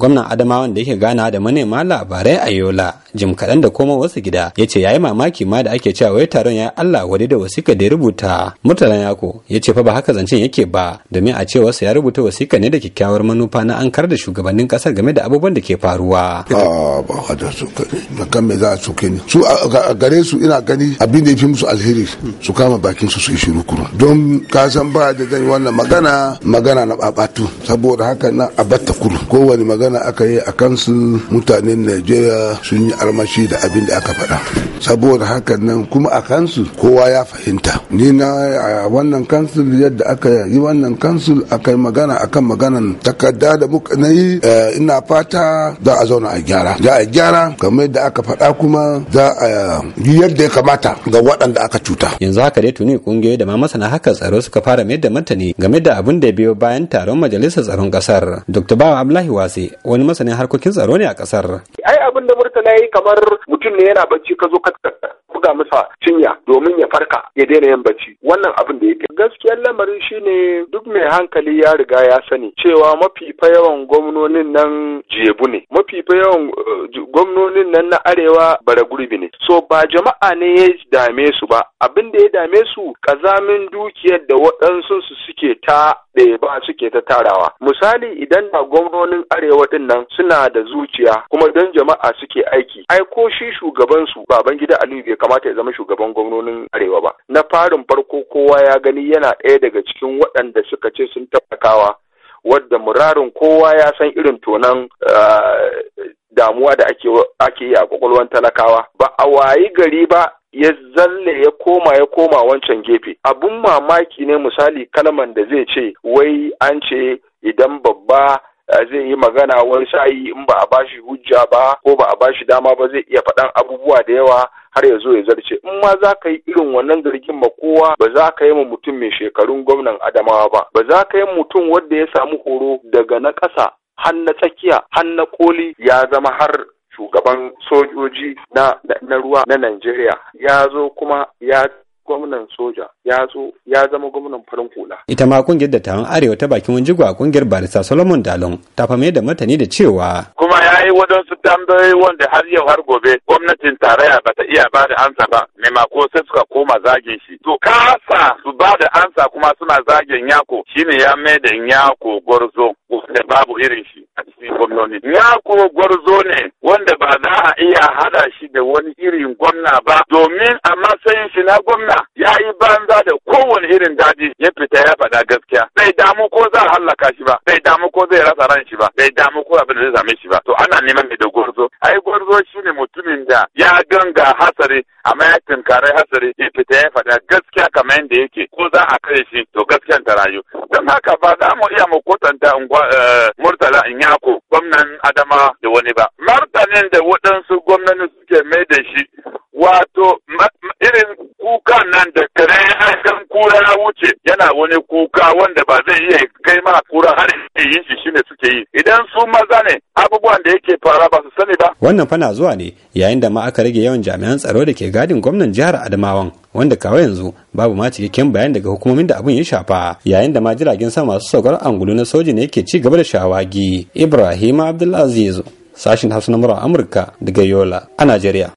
gwamnan adamawan da yake gana da manema labarai a yola jim kaɗan da koma wasu gida ya ce ya yi mamaki ma da ake cewa wai taron ya yi allah wadai da wasika da ya rubuta murtala yako ya ce fa ba haka zancen yake ba domin a ce wasu ya rubuta wasika ne da kyakkyawar manufa na an kar da shugabannin kasar game da abubuwan da ke faruwa. a ah, ba da su kan me za su ni su a gare su ina gani abin da ya fi musu alheri su kama bakin su su yi shiru kuma don ka san ba da zan yi wannan magana magana na babatu saboda haka na abatta kuru kowane magana magana aka yi a kansu mutanen najeriya sun yi armashi da abin da aka faɗa saboda hakan nan kuma a kansu kowa ya fahimta ni na wannan kansul yadda aka yi wannan kansul aka yi magana akan maganan takarda da muka na yi eh, ina fata za a zauna a gyara za a gyara kamar yadda aka faɗa kuma za a yi yadda ya kamata ga waɗanda aka cuta yanzu haka dai tuni kungiyoyi da ma masana haka tsaro suka fara mayar da martani game da abin da biyo bayan taron majalisar tsaron kasar dr bawa abdullahi wase wani masanin harkokin tsaro ne a kasar. Ai abin da Murtala yi kamar mutum ne yana bacci ka zo ka buga masa cinya domin ya farka ya daina yin bacci wannan abin da yake gaskiyar lamarin shine duk mai hankali ya riga ya sani cewa mafi yawan gwamnonin nan jebu ne mafi yawan eh, gwamnonin nan na arewa bara gurbi ne so ba jama'a ne ya dame su ba abin da ya dame su kazamin dukiyar da waɗansu su suke ta ba suke ta tarawa misali idan na gwamnonin arewa din nan suna da zuciya kuma don jama'a suke aiki ai ko shi shugaban su baban gida aliyu bai kamata ya zama shugaban gwamnonin arewa ba na farin farko kowa ya gani yana ɗaya daga cikin waɗanda suka ce sun tabbakawa wadda murarin kowa ya san irin tonan ah, damuwa da ake yi a kwakwalwar talakawa ba a wayi gari ba ya zalle ya koma ya koma wancan gefe abun mamaki ne misali kalman da zai ce wai an ce idan babba eh, zai yi magana wani sa'i in ba a bashi hujja ba ko ba a bashi dama ba zai iya faɗan abubuwa da yawa har ya zo ya zarce in ma za ka yi irin wannan zargin ma kowa ba za ka yi ma mutum mai shekarun gwamnan adamawa ba ba za ka yi mutum wanda ya samu horo daga na ƙasa har na tsakiya har na koli ya zama har shugaban sojoji na ruwa na Najeriya ya zo kuma ya gwamnan soja ya zo ya zama gwamnan farin hula. Ita ma kungiyar da dattawan Arewa ta bakin wani a kungiyar barista Solomon Dalon ta fame da matani da cewa. Kuma ya yi wadansu tambayoyi wanda har yau har gobe gwamnatin tarayya bata iya ba da ansa ba ko sai suka koma zagin shi. To kasa su ba da ansa kuma suna zagin yako shine ya mai da yako gwarzo wanda babu irin shi a cikin gwamnoni. Yako gwarzo ne wanda ba za a iya hada shi da wani irin gwamna ba domin a matsayin shi na gwamna ya yi banza da kowane irin daji ya fita ya faɗa gaskiya bai damu ko za a hallaka shi ba bai damu ko zai rasa ran shi ba bai damu ko abin da zai same shi ba to ana neman mai da gwarzo ai gwarzo ne mutumin da ya ganga hasari amma ya tunkarai hasari ya fita ya faɗa gaskiya kamar yadda yake ko za a kai shi to gaskiya ta rayu don haka ba za mu iya mu kwatanta eh, murtala inyako gwamnan adama da wani ba martanin da waɗansu gwamnati suke mai da shi wato nan da kare aikan kan kura ya wuce yana wani kuka wanda ba zai iya kai ma kura har yin shi shine suke yi idan su maza ne abubuwan da yake fara ba su sani ba wannan fana zuwa ne yayin da ma aka rage yawan jami'an tsaro da ke gadin gwamnan jihar Adamawan wanda kawai yanzu babu ma cikakken bayan daga hukumomin da abin ya shafa yayin da ma jiragen sama masu saukar angulu na soji ne yake ci gaba da shawagi Ibrahim Abdulaziz sashin hasu na Amurka daga Yola a Najeriya